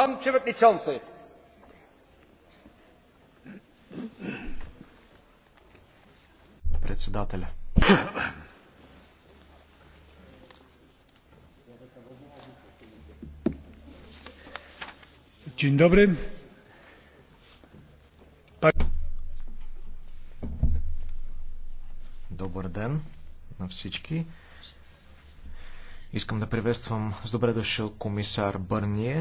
Pan Przewodniczący. Председателя. Dzień dobry. Добър ден на всички. Искам да приветствам с добре дошъл комисар Бърние.